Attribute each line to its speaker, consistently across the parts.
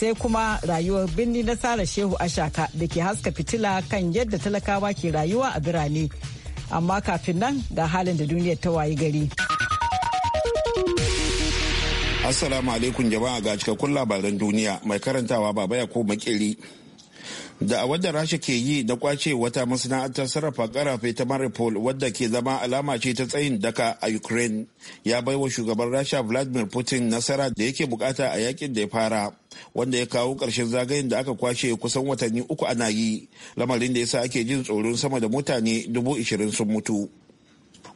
Speaker 1: sai kuma rayuwar birni na Sara Shehu Ashaka da ke haska fitila kan yadda talakawa ke rayuwa a birane. Amma kafin nan ga halin da duniyar ta wayi gari.
Speaker 2: Assalamu alaikum jama'a ga cikakkun labaran duniya mai karantawa baba ya ko makeri. da a wadda rasha ke yi da kwace wata masana'antar sarrafa karafe ta maripol wadda ke zama alama ce ta tsayin daka a ukraine ya bai wa shugaban rasha vladimir putin nasara da yake bukata a yakin da ya fara wanda ya kawo ƙarshen zagayen da aka kwashe kusan watanni uku ana yi lamarin da yasa ake jin tsoron sama da mutane dubu ishirin sun mutu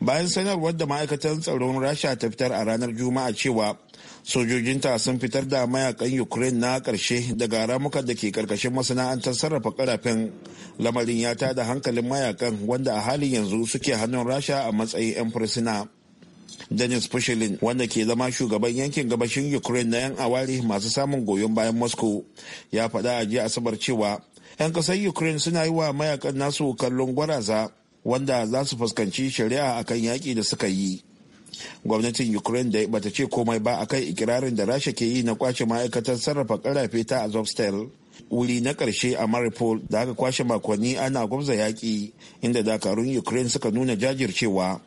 Speaker 2: bayan sanarwar da ma'aikatan tsaron rasha ta fitar a ranar juma'a cewa sojojinta sun fitar da mayakan ukraine na karshe daga ramuka da ke karkashin masana'antar sarrafa karafen lamarin ya tada hankalin mayakan wanda a halin yanzu suke hannun rasha a matsayin 'yan fursuna denis pushilin wanda ke zama shugaban yankin gabashin ukraine na 'yan awari masu samun goyon bayan moscow ya faɗa a jiya asabar cewa 'yan ƙasar ukraine suna yi wa mayakan nasu kallon gwaraza wanda za su fuskanci shari'a akan yaƙi da suka yi gwamnatin ukraine da bata ce komai ba akan ikirarin da rasha ke yi na kwace ma'aikatar sarrafa karafe ta azovstal wuri na karshe a maripol da aka kwashe makonni ana gwamza yaƙi inda dakarun ukraine suka nuna jajircewa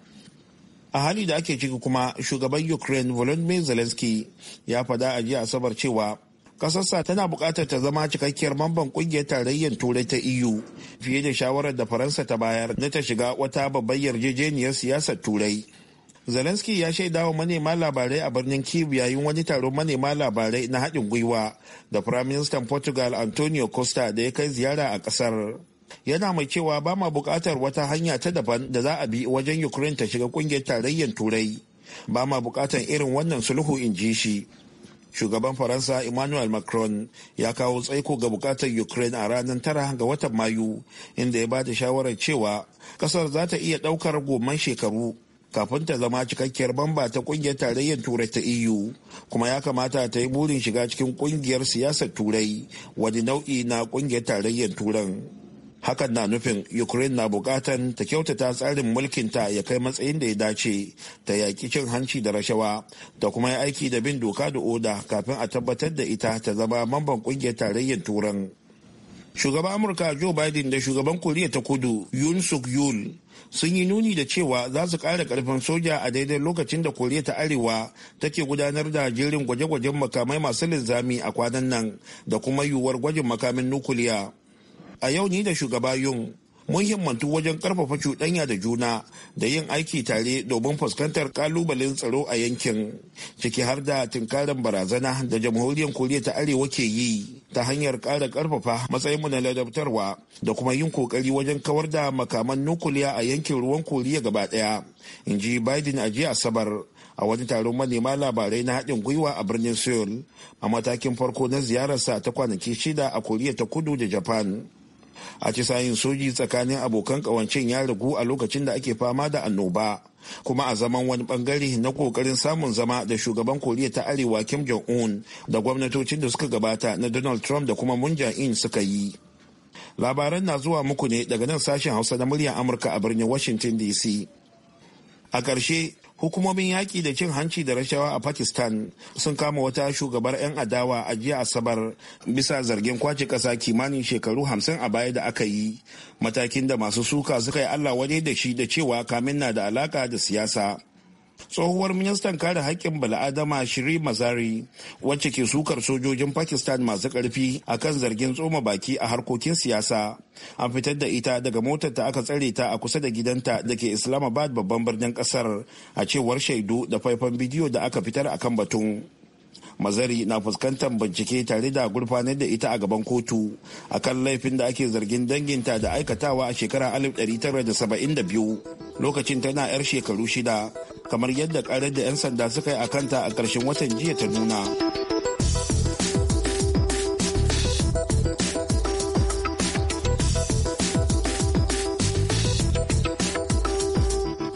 Speaker 2: a hali da ake ciki kuma shugaban ukraine volodymyr zelensky ya faɗa a jiya asabar cewa kasarsa tana buƙatar ta zama cikakkiyar mamban ƙungiyar tarayyar turai ta eu fiye da shawarar da faransa ta bayar na ta shiga wata babbar yarjejeniyar siyasar turai Zelensky ya shaida wa manema labarai a birnin Kyiv yayin wani taron manema labarai na haɗin gwiwa da Firaministan Portugal Antonio Costa da ya kai ziyara a ƙasar. Yana mai cewa ba ma buƙatar wata hanya ta daban da za a bi wajen Ukraine ta shiga ƙungiyar tarayyar Turai. Ba ma buƙatar irin wannan sulhu in ji shi. Shugaban Faransa Emmanuel Macron ya kawo tsaiko ga buƙatar Ukraine a ranar tara ga watan Mayu, inda ya ba da shawarar cewa ƙasar za ta iya ɗaukar goman shekaru kafin ta zama cikakkiyar bamba ta kungiyar tarayyar turai ta eu kuma ya kamata ta yi burin shiga cikin kungiyar siyasar turai wani nau'i na kungiyar tarayyar turan hakan na nufin ukraine na bukatan ta kyautata tsarin mulkinta ya kai matsayin da ya dace ta yaƙi cin hanci da rashawa da kuma ya aiki da bin doka da oda kafin a tabbatar da ita ta zama mamban kungiyar tarayyar turan shugaban amurka joe biden da shugaban koriya ta kudu yun suk yul sun yi nuni da cewa za su ƙara ƙarfin soja a daidai lokacin da koriya ta arewa take gudanar da jerin gwaje-gwajen makamai masu linzami a kwanan nan da kuma yiwuwar gwajin makamin nukuliya a yau ni da shugaba yun mun himmatu wajen karfafa cuɗanya da juna da yin aiki tare domin fuskantar kalubalen tsaro a yankin ciki har da tunkarin barazana da jamhuriyar koriya ta arewa ke yi ta hanyar ƙara karfafa matsayinmu na ladabtarwa da kuma yin ƙoƙari wajen kawar da makaman nukuliya a yankin ruwan koriya gaba ɗaya in ji biden a jiya asabar a wani taron manema labarai na haɗin gwiwa a birnin seoul a matakin farko na ziyararsa ta kwanaki shida a koriya ta kudu da japan a ci sayin soji tsakanin abokan kawancin ya ragu a lokacin da ake fama da annoba kuma a zaman wani bangare na kokarin samun zama da shugaban koriya ta arewa kim jong-un da gwamnatocin da suka gabata na donald trump da kuma mun in suka yi labaran na zuwa muku ne daga nan sashen hausa na muryar amurka a birnin washington dc a ƙarshe hukumomin yaƙi da cin hanci da rashawa a pakistan sun kama wata shugabar 'yan adawa a jiya asabar bisa zargin kwace ƙasa kimanin shekaru hamsin a baya da aka yi matakin da masu suka suka yi allah waje da shi da cewa kamin na da alaka da siyasa tsohuwar ministan kare haƙƙin bala'adama shiri mazari wacce ke sukar sojojin pakistan masu ƙarfi a kan zargin tsoma baki a harkokin siyasa an fitar da ita daga motar ta aka tsare ta a kusa da gidanta da ke islamabad babban birnin ƙasar a cewar shaidu da faifan bidiyo da aka fitar a kan batun mazari na fuskantar bincike tare da gurfanar da ita a gaban kotu akan laifin da ake zargin danginta da aikatawa a shekara 1972 lokacin tana 'yar shekaru shida kamar yadda karar da 'yan sanda suka yi a kanta a ƙarshen watan jiya ta nuna.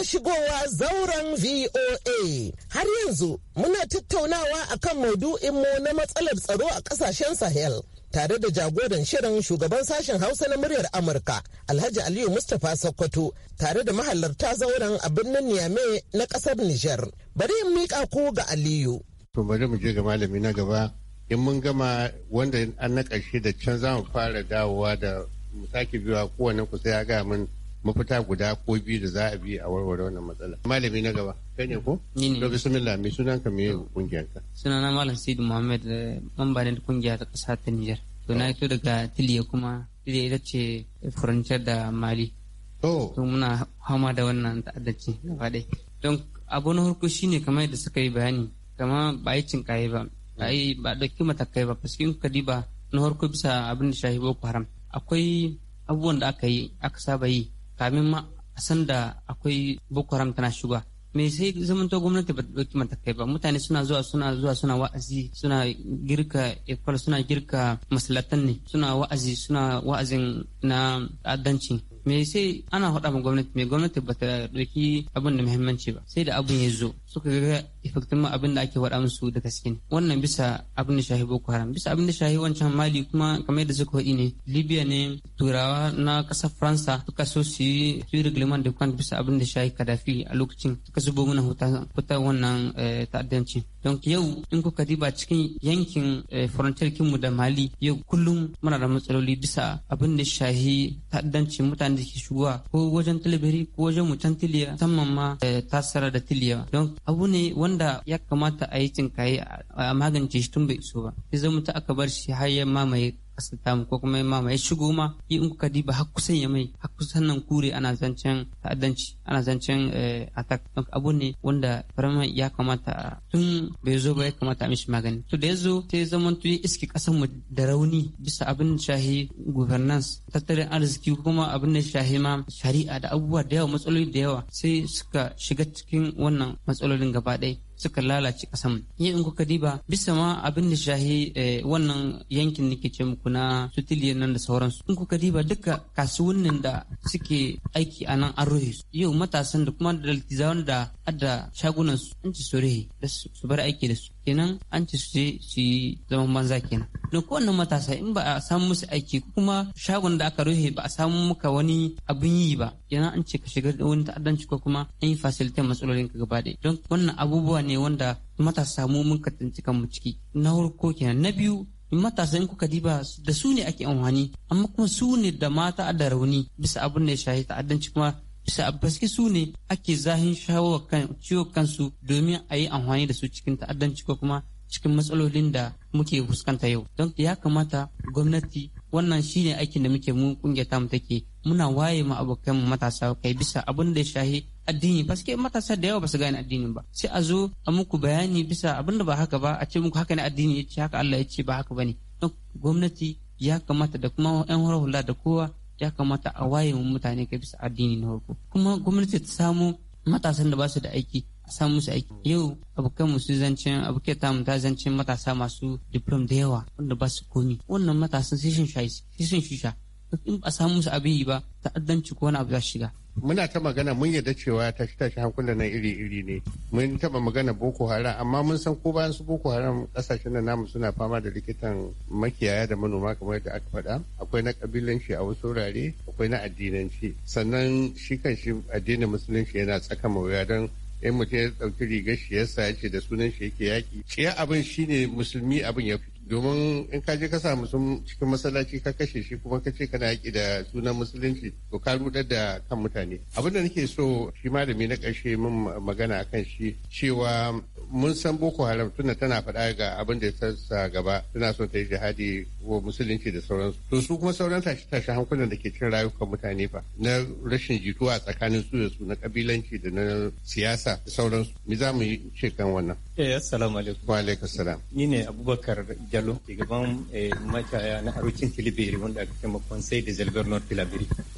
Speaker 1: da shigowa zauren VOA. Har yanzu muna tattaunawa akan maudu'inmu na matsalar tsaro a ƙasashen Sahel. tare da jagoran shirin shugaban sashen hausa na muryar amurka alhaji aliyu mustapha sokoto tare da mahalarta zauren a birnin niamey
Speaker 3: na kasar nijar bari in miƙa ku ga aliyu to bari mu je ga malami na gaba in mun gama wanda an na ƙarshe da can za mu fara dawowa da mu sake biwa kowane ku sai ya gaya min mafita guda ko biyu da za a bi a warware wannan matsala. Malami na gaba, kai ne ko? Ni ne. To bismillah, me sunan ka me kungiyar ka?
Speaker 4: na Malam Sidi Muhammad, eh, mamba ne da kungiya ta ƙasa ta Nijar. To na fito daga Tiliya kuma, Tiliya ita ce furancar da Mali. To. To muna hama da wannan ta'addanci gaba ɗaya. Don abu na farko shine kamar yadda suka yi bayani, kama ba yi cin kayi ba, ba yi ba ɗauki matakai ba, paske in ka diba na farko bisa abin da shahi Boko Haram. Akwai abubuwan da aka yi, aka saba yi, kamin ma a san da akwai boko haram tana shiga me sai zamanto gwamnati ba mata kai ba mutane suna zuwa suna zuwa suna wa'azi suna girka ekwal suna girka masalatan ne suna wa'azi suna wa'azin na me sai ana hada ma gwamnati me gwamnati ba ta ɗauki abin da muhimmanci ba sai da abin ya zo suka ga effectin ma abin da ake faɗa musu da gaske ne wannan bisa abin da shahi boko haram bisa abin da shahi wancan mali kuma kamar yadda suka faɗi ne libya ne turawa na ƙasar faransa suka so su yi su reglement da kwan bisa abin da shahi kadafi a lokacin suka zubo mana huta wannan eh, ta'addanci don yau in kuka diba cikin yankin eh, frontier kinmu da mali yau kullum muna da matsaloli bisa abin da shahi ta'addanci mutane da ke shigowa ko wajen talabiri ko wajen mutan tiliya musamman ma eh, tasara da tiliya don abu ne wanda ya kamata a yi cinkaye a magance shi tun bai so ba ya zama ta aka bar shi har ya mamaye kasa mu ko kuma ma mai shigo ma yi in kuka diba har kusan ya mai har kusan nan kure ana zancen ta'addanci ana zancen eh, attack don abu ne wanda farama ya kamata tun bai zo ba ya kamata a mishi magani to da ya zo sai zaman tuyi iski kasan mu da rauni bisa abin shahi governance tattalin arziki kuma abin da shahi ma shari'a da abubuwa da yawa matsaloli da yawa sai suka shiga cikin wannan matsalolin gaba ɗaya suka lalace kasan yin in kuka diba bisa ma abin da shahi eh, wannan yankin nake ce muku na sutiliyan nan da sauransu in kuka diba duka kasuwannin da suke aiki a nan an rufe su yau matasan da kuma da da ada shagunan su an ci su da su bar aiki da su kenan an ci su je su yi zaman banza kenan don kowanne matasa in ba a samu musu aiki kuma shagon da aka rufe ba a samu muka wani abin yi ba kenan an ce ka shiga wani ta'addanci ko kuma an yi fasilitan matsalolin ka gaba ɗaya don wannan abubuwa ne wanda matasa mu mun ka tsinci kanmu ciki na farko kenan na biyu matasa in kuka diba da su ne ake amfani amma kuma su ne da mata da rauni bisa abin da ya shahi ta'addanci kuma baske su ne ake zahin shawo kan ciwo kansu domin a yi amfani da su cikin ta'addanci ko kuma cikin matsalolin da muke fuskanta yau don ya kamata gwamnati wannan shi ne aikin da muke mu kungiyar tamu take muna waye ma abokan matasa kai bisa abin da ya shahi addini suke matasa da yawa ba su gane addini ba sai a zo a muku bayani bisa abin da ba haka ba a ce muku haka ne addini ya ce haka Allah ya ce ba haka bane don gwamnati ya kamata da kuma yan hula da kowa ya kamata a waye mu mutane ka bisa addini na farko kuma gwamnati ta samu matasan da ba su da aiki a samu su aiki yau abokan su zancen abokai ta mu ta zancen matasa masu diplom da yawa wanda ba su komi wannan matasan sai sun sai sun shisha in ba samu musu abin yi ba ta'addanci ko wani abu za shiga
Speaker 3: muna ta magana mun yarda cewa tashi tashi hankula na iri iri ne mun taba magana boko haram amma mun san ko bayan su boko haram kasashen da namu suna fama da likitan makiyaya da manoma kamar yadda aka faɗa akwai na kabilanci a wasu wurare akwai na addinanci sannan shi kan shi addinin musulunci yana tsaka mawuya don in mutum ya ɗauki rigar shi ya ce da sunan shi yake yaƙi ciya abin shine musulmi abin ya fi domin in ka je ka samu sun cikin masallaci ka kashe shi kuma ka ce kana yaki da sunan musulunci to ka rudar da kan mutane abin da nake so shi malami na karshe min magana akan shi cewa mun san boko haram tuna tana faɗa ga abin da ya sa gaba tana son ta yi jihadi wa musulunci da sauransu to su kuma sauran tashi tashi hankulan da ke cin rayukan mutane fa na rashin jituwa tsakanin su da su na kabilanci da na siyasa da sauransu mi za mu yi ce wannan eh assalamu alaikum wa alaikum salam
Speaker 5: ni ne abubakar jalo shugaban eh, mataya na harucin
Speaker 3: filibiri wanda aka makon ma da zalbar north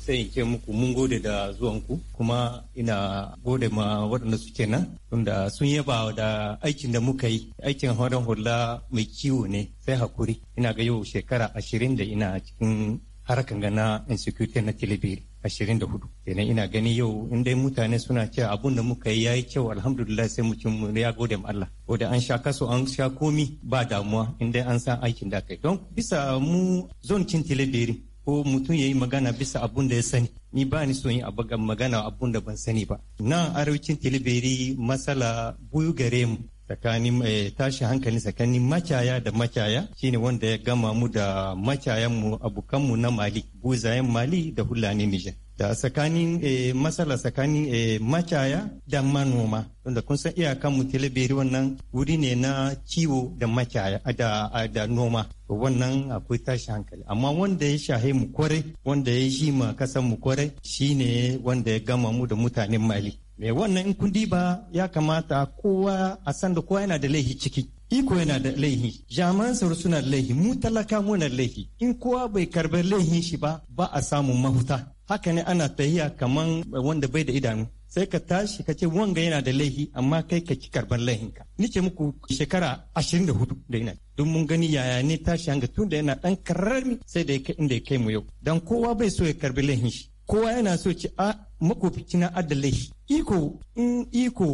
Speaker 5: sai in ce muku mun gode da zuwanku kuma ina gode ma waɗanda suke nan tunda sun yaba da aikin da muka yi aikin hauren hula mai kiwo ne sai hakuri ina ga yau shekara ashirin da ina cikin harkan gana insecurity na tilibiri ashirin da hudu kenan ina gani yau in dai mutane suna cewa abun da muka yi ya yi kyau alhamdulillah sai mu cin ya gode ma Allah ko da an sha kaso an sha komi ba damuwa in dai an san aikin da kai don bisa mu zon cin tilibiri ko mutum ya yi magana bisa abun da ya sani ni ba ni son yi magana abun da ban sani ba nan arewacin tilibiri matsala buyu gare mu tsakanin eh, tashi hankali tsakanin macaya da macaya shine wanda ya gama mu da macayan mu abokan na mali buzayen mali da hulani nijar da tsakanin eh, matsala tsakanin eh, macaya da manoma wanda kun san iyakan mu talabiri wannan wuri ne na kiwo da macaya da noma wannan akwai tashi hankali amma wanda ya shahe mu kwarai wanda ya shi ma kasan mu kwarai shine wanda ya gama mu da mutanen mali me wannan in kun diba ya kamata kowa a san da kowa yana da laihi ciki iko yana da laihi jama'an sauri suna da laihi mu talaka muna da laihi in kowa bai karbar laifin shi ba ba a samun mahuta haka ne ana tahiya kaman wanda bai da idanu sai ka tashi ka ce wanga yana da laihi amma kai ka ci karban laihinka ni ce muku shekara ashirin da hudu da ina don mun gani yaya ne tashi hanga tun da yana dan kararmi sai da inda ya kai mu yau dan kowa bai so ya karbi laihin shi kowa yana so ci a makofici na adda laihi iko in iko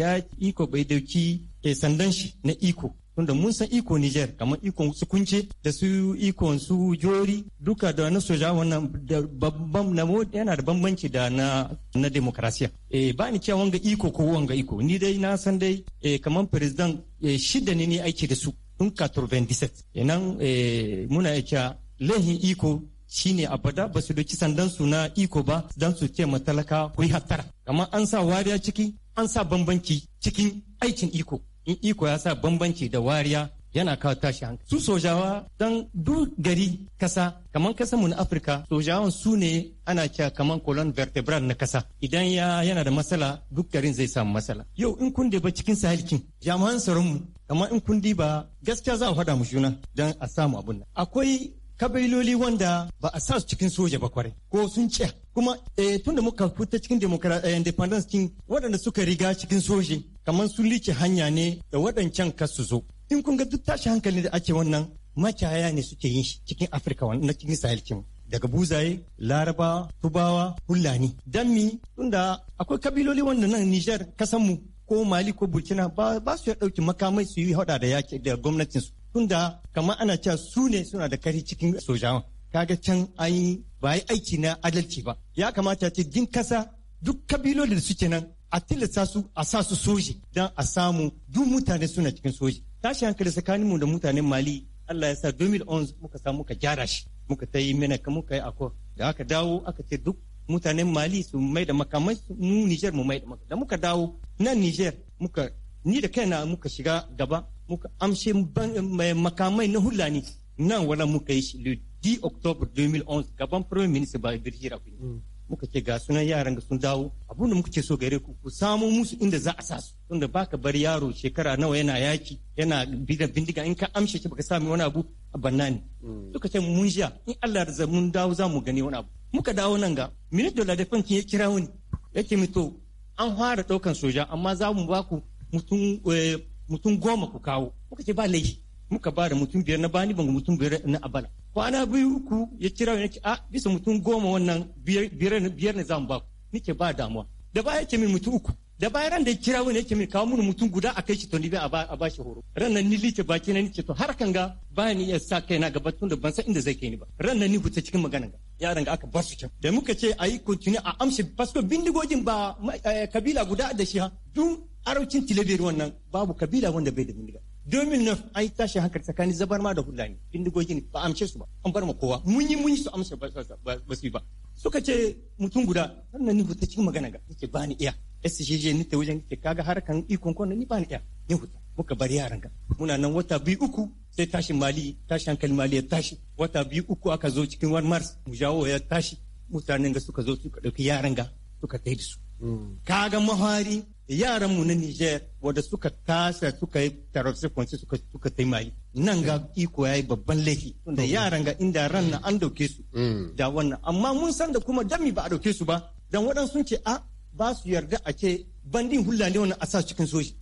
Speaker 5: ya iko bai dauki eh, sandan shi na iko tunda mun san iko Niger kamar ikon su kunce da su ikon su jori duka da na soja wannan da babban na yana da bambanci da na na demokrasiya eh ba ni cewa wanga iko ko wanga iko ni dai na san dai eh kamar president eh, shida ne ni aiki da su tun 97 ina eh, muna cewa lahin iko shine a bada. ba su doki sandan su na iko ba dan su ce matalaka ku yi hattara kamar an sa wariya ciki an sa bambanci cikin aikin iko in iko ya sa bambanci da wariya yana kawo tashi hankali su sojawa don duk gari kasa kamar kasa mu na afirka sojawan su ne ana cewa kamar colon vertebral na kasa idan ya yana da matsala duk garin zai samu matsala yau in kun ba cikin sahilkin. jami'an tsaron mu in kun ba gaskiya za a faɗa mu shuna don a samu abun nan akwai kabiloli wanda ba a sa su cikin soja ba kwarai ko sun ce kuma eh, tun da muka fita cikin eh, independence cikin waɗanda suka riga cikin soji kamar sun lice hanya ne da waɗancan kasu zo in kun ga duk tashi hankali da ake wannan makiyaya ne suke yin shi cikin afirka na cikin sahel kin daga buzaye laraba tubawa hulani dan mi tunda akwai kabiloli wanda nan niger kasanmu ko mali ko burkina ba, su ya ɗauki makamai su yi hada da yaki da su. tunda kamar ana cewa su ne suna da kari cikin sojawan kaga can an yi ba yi aiki na adalci ba ya kamata ce din kasa duk kabilolin da suke nan a tilasta su a sa su soji don a samu duk mutane suna cikin soji tashi hankali tsakanin mu da mutanen mali Allah ya sa 2011 muka samu muka gyara shi muka ta yi mana muka yi akwa da aka dawo aka ce duk mutanen mali su mai da makamai mu Niger mu mai da makamai da muka dawo nan Niger muka ni da kaina muka shiga gaba muka amshe makamai na hulani nan wala muka yi shi le 10 october 2011 gaban premier minister ba birhira ku mm. muka ce ga sunan yaran sun dawo abun da muka ce so gare ku ku samu musu inda za a sa su tunda baka bar yaro shekara nawa yana yaki yana bidan bindiga in ka amshe shi baka sami wani abu a banna ne mm. suka ce mun sha in Allah da mun dawo za mu gani wani abu muka dawo nan ga minister da defense ya kira wani yake mito an fara daukan soja amma za mu ba ku Eh, mutum goma ku kawo muka ce ba laifi muka ba da mutum biyar na bani ban mutum biyar na abala kwana biyu uku ya kira ne a ah, bisa mutum goma wannan biyar na zamu ba ku nike ba damuwa da baya ce min mutum uku da baya ran da kira wani yake min kawo mun mutum guda a kai shi to ni bai a ba shi horo ran nan ni lice baki na nice to har kan ga ba ni iya sa kaina gaba tun da ban san inda zai kai ni ba ran nan ni huta cikin magana ga yaran ga aka bar su can da muka ce ayi continue a amshi pasko bindigogin ba eh, kabila guda da shi ha duk araukin tileberi wannan babu kabila wanda bai da bindiga domin nan an yi tashi hankali tsakanin zabarma da hulani bindigogi ne ba amshe su ba an bar ma kowa mun yi mun yi su amsa
Speaker 6: ba su yi ba
Speaker 5: suka ce mutum guda wannan ni huta cikin magana ga yake ba ni iya SJJ ni ta wajen ke kaga harkan ikon kwanan ni ba ni iya ni huta muka bari yaran ka muna nan wata biyu uku sai tashin mali tashi hankali mali ya tashi wata biyu uku aka zo cikin wani mars mu jawo ya tashi mutanen ga suka zo suka ɗauki yaran ga suka tafi da su kaga mahari yaran mu na Niger wanda suka tasa suka yi tarafsi kwanci suka suka taimayi. nan ga iko yi babban laifi Da yaran ga inda ran na an dauke su da wannan amma mun san da kuma dami ba a dauke su ba dan waɗansu sun ce a ba su yarda a ce bandin hulla ne wannan
Speaker 3: a sa cikin soji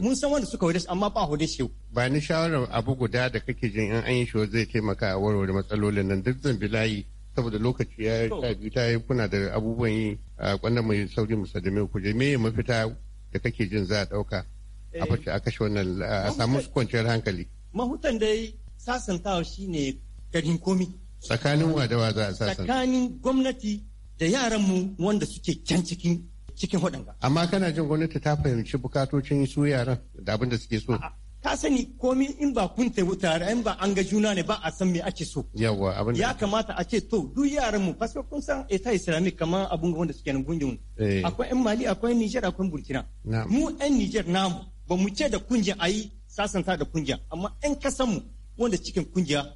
Speaker 3: mun san wanda suka wadda amma ba hode shi ba ni shawarar abu guda da kake jin in an yi shi zai taimaka a warware matsalolin nan duk zan bi layi. saboda lokaci ya sha biyu ta yi kuna da abubuwan yi a kwanan mai sauri mai ku je meye mafita da kake jin za a ɗauka a eh. fashe a kashe wannan a samu su kwanciyar hankali.
Speaker 5: Mahutan da dai sasantawa ne garin komi.
Speaker 3: Tsakanin wa da wa za a sasanta.
Speaker 5: Tsakanin gwamnati
Speaker 3: da yaranmu wanda suke can cikin cikin waɗanga. Amma kana jin gwamnati ta fahimci bukatocin su yaran da abin da suke so. ka sani komi in ba kun taibu tare in
Speaker 5: ba an ga juna ne ba a san me ake so yawa abin ya kamata a ce to duk yaran mu parce kun san eta islamic kamar abun wanda suke nan gungun eh. akwai yan mali akwai niger akwai burkina mu yan niger namu ba mu ce da kungiya ayi sasanta da kungiya amma yan kasan mu wanda cikin kungiya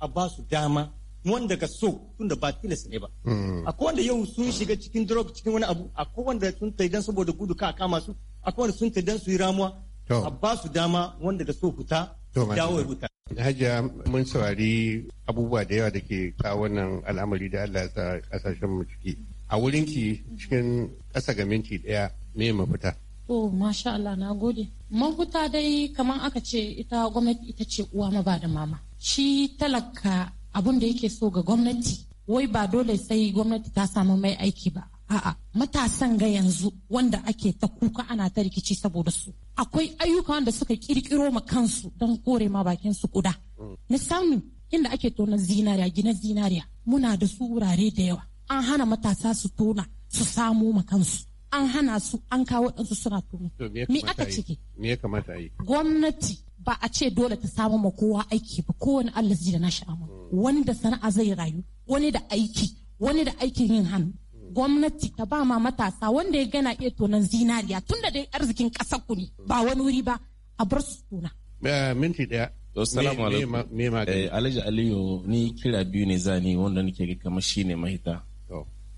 Speaker 5: a ba su dama wanda ka so tunda ba tilas ne ba hmm. akwai wanda yau sun shiga cikin drug cikin wani abu akwai wanda sun taidan saboda gudu ka kama su akwai wanda sun taidan su yi ramuwa a ba su dama wanda da so fita dawo ya fita
Speaker 3: Hajiya mun saurari abubuwa da yawa da ke kawo wannan al'amari da Allah ya kasashen mu ciki. A wurin ki cikin ƙasa ga minti ɗaya me mafita?
Speaker 1: To,
Speaker 7: masha Allah na gode. Mafita dai kamar aka ce ita gwamnati ita ce uwa maba da mama. Shi talaka abun da yake so ga gwamnati, wai ba dole sai gwamnati ta samu mai aiki ba. A'a matasan ga yanzu wanda ake ta kuka ana ta rikici saboda su. Akwai ayyuka wanda suka kirkiro ma kansu don kore ma bakin su kuda. Misali inda ake tona zinariya gina zinariya muna da su wurare da yawa. An hana matasa su tona su samo ma kansu. An hana su an kawo ɗansu suna tona. Me aka ciki?
Speaker 3: Me ya kamata yi?
Speaker 7: Gwamnati ba a ce dole ta samu ma kowa aiki ba kowane Allah da na amma. Mm. Wani da sana'a zai rayu, wani da aiki, wani da aikin yin hannu. gwamnati ta ba ma matasa wanda ya gana iya tonan zinariya tunda dai arzikin ƙasar ku ne ba wani wuri ba a bar su tona.
Speaker 3: Eh, minti ɗaya. Assalamu
Speaker 6: alaikum. Eh, Alhaji Aliyu ni kira biyu ne za ni wanda nake ga kamar shine mahita.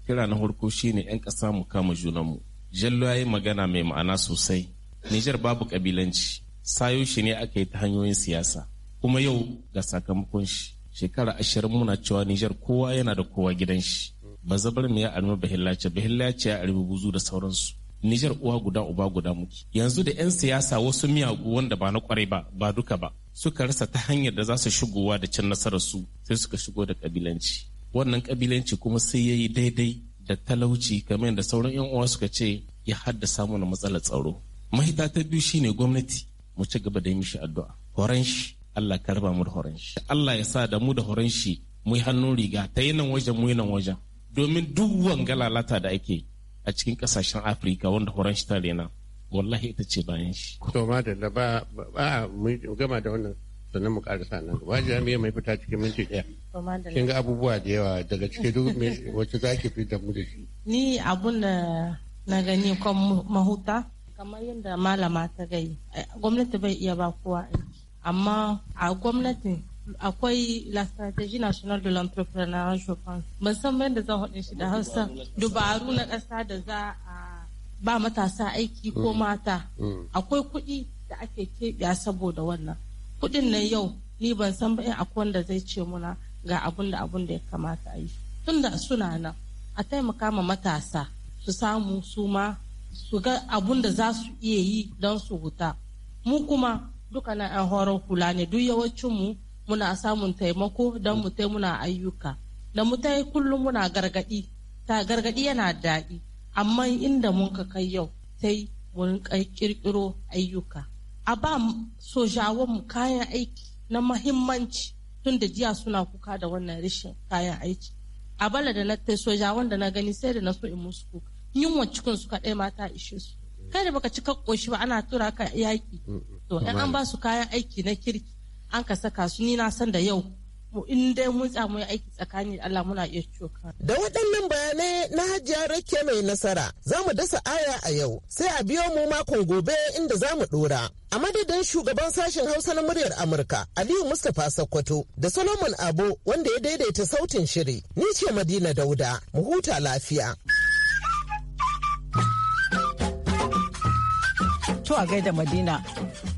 Speaker 6: Kira na farko shine 'yan ƙasa mu kama mu. Jallo ya yi magana mai ma'ana sosai. Nijar babu kabilanci. Sayo shi ne aka yi ta hanyoyin siyasa. Kuma yau ga sakamakon shi. Shekara ashirin muna cewa Nijar kowa yana da kowa gidan shi. bazabar mu ya arma bahillace bahillace ya arbi buzu da sauransu Nijar uwa guda uba guda muke yanzu da 'yan siyasa wasu miyagu wanda ba na kwarai ba ba duka ba suka rasa ta hanyar da za su shigowa da cin nasarar su sai suka shigo da kabilanci wannan kabilanci kuma sai yayi daidai da talauci kamar yadda sauran 'yan uwa suka ce ya haddasa mana matsalar tsaro mahita ta biyu shine gwamnati mu ci gaba da yi mishi addu'a horon shi Allah ka mu da horon shi Allah ya sa da mu da horon shi mu yi hannun riga ta yi nan wajen mu yi nan wajen domin duk wanga lalata da ake a cikin kasashen afirka wanda horon shi ta rena wallahi
Speaker 3: ita ce bayan shi. to ma da ba a gama da wannan sannan mu karasa nan gaba jami'a mai fita cikin minti daya Kin ga abubuwa da yawa daga cikin duk wacce za ki fi da mu da shi.
Speaker 7: Ni abun da na gani kan mahuta kamar yadda malama ta gai gwamnati bai iya ba kowa amma a gwamnati akwai la strategie nationale de l'entrepreneuriat je pense ban san ban da zan haɗe da hausa dubaru na ƙasa da za a ba matasa aiki ko mm. mata mm. akwai kuɗi da ake keɓiya saboda wannan kuɗin nan yau ni ban san ba akwai wanda zai ce muna ga abun da abun da ya kamata a yi tunda suna nan a taimaka ma matasa su samu su ma su ga abun da za su iya yi don su huta mu kuma duka na 'yan horon kula ne duk mu muna samun taimako don mu tai muna ayyuka da mu tai kullum muna gargadi ta gargadi yana daɗi amma inda mun ka kai yau sai mun kirkiro ayyuka a ba so mu kayan aiki na mahimmanci tun da jiya suna kuka da wannan rashin kayan aiki a bala da na tai soja da na gani sai da na so in musu kuka yunwa cikin su kaɗai mata ishe su kai da baka cika koshi ba ana tura ka yaƙi to in an ba su kayan aiki na kirki an ka saka su ni na san da yau mu in dai mun samu aiki tsakanin Allah muna iya coka.
Speaker 1: Da waɗannan bayanai na hajiya rake mai nasara za mu dasa aya a yau sai a biyo mu makon gobe inda za mu ɗora. A madadin shugaban sashen Hausa na muryar Amurka Aliyu Mustapha Sokoto da Solomon Abo wanda ya daidaita sautin shiri ni ce Madina Dauda mu huta lafiya. To a gaida Madina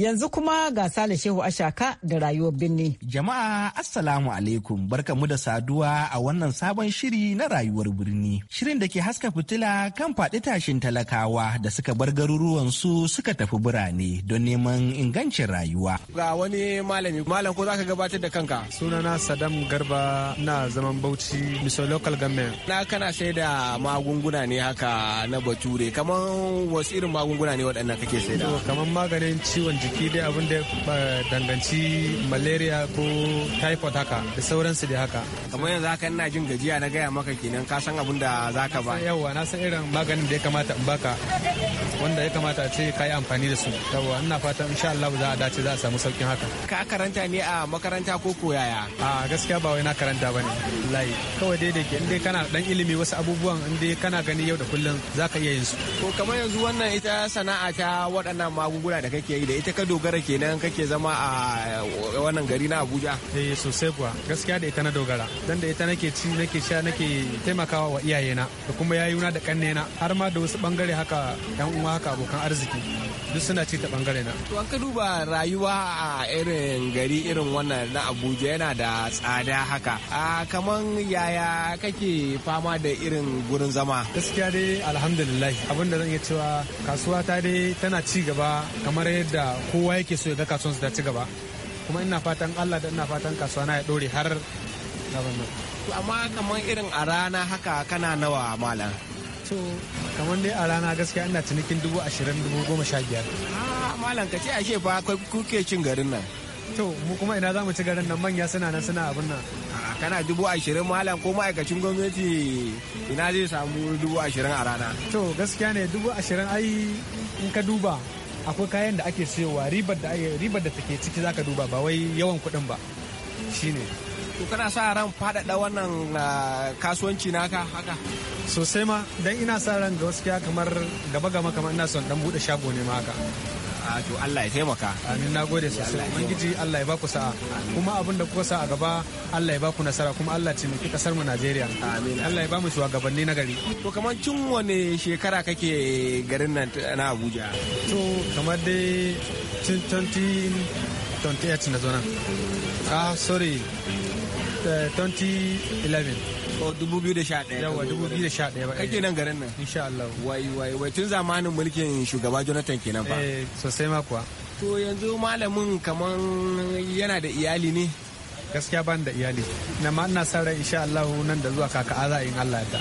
Speaker 1: Yanzu kuma ga Sale Shehu Ashaka da rayuwar birni. Jama'a Assalamu
Speaker 8: alaikum barkamu da saduwa a wannan sabon shiri na rayuwar birni. Shirin da ke haska fitila kan faɗi tashin talakawa da suka bar garuruwan su suka tafi birane don neman ingancin rayuwa. Ga wani malami, malam ko zaka gabatar da kanka? Sunana Sadam Garba na zaman Bauchi, Miso Local Government. Na kana sai magunguna ne haka na bature, kamar wasu irin magunguna ne waɗannan kake sai Kamar maganin ciwon jiki jiki dai abin da danganci malaria ko typhoid haka da sauransu da haka kamar yanzu haka ina jin gajiya na gaya maka kenan ka san abin da za ka ba yawa na san irin maganin da ya kamata in baka wanda ya kamata ce ka yi amfani da su yawa ina fatan insha Allah za a dace za a samu sauƙin haka ka karanta ne a makaranta ko koyaya a gaskiya ba wai na karanta ne wallahi kawai dai da ke in dai kana dan ilimi wasu abubuwan in dai kana gani yau da kullum za ka iya yin su to kamar yanzu wannan ita sana'a ta waɗannan magunguna da kake yi da ita ka dogara kenan kake zama a wannan gari na Abuja eh sosai kuwa gaskiya da ita na dogara dan da ita nake ci nake sha nake taimakawa wa iyayena da kuma yayuna da kannena har ma da wasu bangare haka yan uwa haka abokan arziki duk suna ci ta bangare na to an ka duba rayuwa a irin gari irin wannan na Abuja yana da tsada haka a kaman yaya kake fama da irin gurin zama gaskiya dai alhamdulillah abun da zan iya cewa kasuwa ta dai tana ci gaba kamar yadda kowa yake so ya ga kasuwan su ta ci gaba kuma ina fatan Allah da ina fatan kasuwa na ya dore har gaban nan to amma kaman irin a rana haka kana nawa malam to kaman dai a rana gaskiya ina cinikin dubu ashirin dubu goma sha biyar ah, malam ka ce ashe fa kai kuke cin garin nan to mu kuma ina za mu ci garin nan manya suna nan suna abin nan ah, kana dubu ashirin malam ko ma'aikacin gwamnati ina zai samu dubu ashirin a rana to gaskiya ne dubu ashirin ai in ka duba akwai kayan da ake sayowa ribar da ribar da take ciki zaka duba ba wai yawan kuɗin ba shine to kana sa ran faɗaɗa wannan ah, kasuwanci naka haka sosai ma dan ina sa ran gaskiya kamar gaba gaba kamar ina son dan bude shago ne ma haka to Allah ya taimaka amin na gode sosai ubangiji Allah ya baku sa'a kuma abin da kuka sa a gaba Allah ya baku nasara kuma Allah kasar mu Najeriya amin Allah ya ba mu shugabanni na gari to kamar cin wane shekara kake garin nan na Abuja to kamar dai tun 2028 na zo nan ah sorry 2011 eh, Oh, 2011. Yawa 2011 ba. Kake nan garin nan? Insha Allah. Wai wai wai tun zamanin mulkin shugaba Jonathan kenan fa. Eh, sosai ma kuwa. To yanzu malamin kaman yana da iyali ne? gaskiya ban da iyali na ma ina son insha Allah nan da zuwa kaka aza in Allah ta.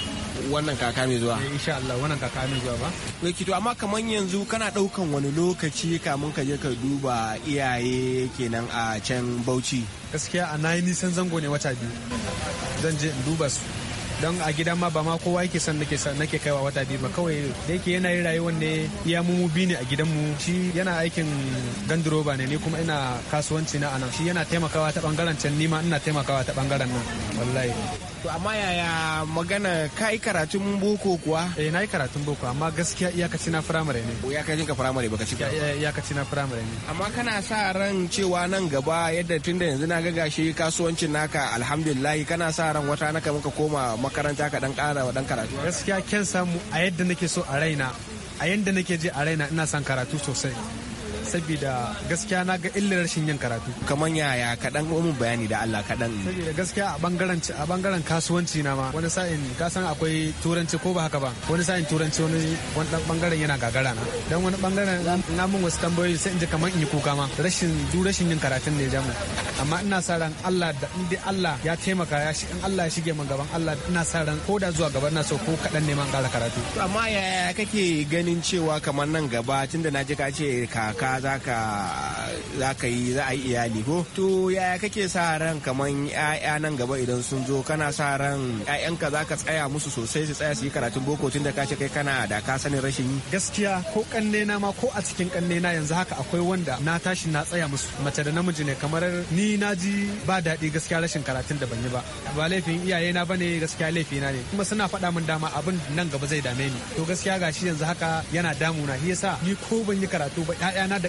Speaker 8: wannan kaka mai zuwa eh, insha Allah wannan kaka mai zuwa ba wai to amma kaman yanzu kana daukan wani lokaci kamun ka je ka duba iyaye kenan a can Bauchi gaskiya a nayi nisan zango ne wata biyu zan je in duba su don a gidan ma ba ma kowa yake san nake san nake kaiwa wata biyu ba kawai da yake yana yin rayuwar ne iya mu bi ne a gidan mu. shi yana aikin gandiroba ne ni kuma ina kasuwanci na anan shi yana taimakawa ta bangaren can ni ma ina taimakawa ta bangaren nan wallahi to amma yaya magana ka yi karatun boko kuwa eh na yi karatun boko amma gaskiya iyakaci na firamare ne kai ka firamare baka ci iyakaci na firamare ne amma kana sa ran cewa nan gaba yadda tunda yanzu na ga gashi kasuwancin naka alhamdulillah kana sa ran wata naka muka koma makaranta ka dan kara wa dan karatu gaskiya kyan samu a yadda nake so a raina a yadda nake je a raina ina son karatu sosai saboda gaskiya na ga illar rashin yin karatu kaman yaya kaɗan mun bayani da Allah kaɗan saboda gaskiya a bangaren a bangaren kasuwanci na ma wani sa'in ka san akwai turanci ko ba haka ba wani sa'in turanci wani wani bangaren yana gagara na dan wani bangaren na mun wasu tambayoyi sai in ji kaman in yi kuka ma rashin du rashin yin karatun ne jamu amma ina sa ran Allah da in Allah ya taimaka ya shi in Allah ya shige min gaban Allah ina sa ran ko da zuwa gaban na so ko kaɗan ne man ƙara karatu amma yaya kake ganin cewa kamar nan gaba tunda na ji ka ce kaka za ka za ka yi za a yi iyali ko to yaya kake sa ran kaman 'ya'ya nan gaba idan sun zo kana sa ran 'ya'yanka za ka tsaya musu sosai su tsaya su yi karatun boko tun da ka ce kai kana da ka sanin rashin yi gaskiya ko kanne na ma ko a cikin kanne na yanzu haka akwai wanda na tashi na tsaya musu mace da namiji ne kamar ni na ji ba daɗi gaskiya rashin karatun da ban yi ba ba laifin iyaye na bane gaskiya laifina ne kuma suna faɗa min dama abin nan gaba zai dame ni to gaskiya gashi yanzu haka yana damuna shi yasa ni ko ban yi karatu ba 'ya'yana da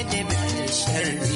Speaker 9: is sharri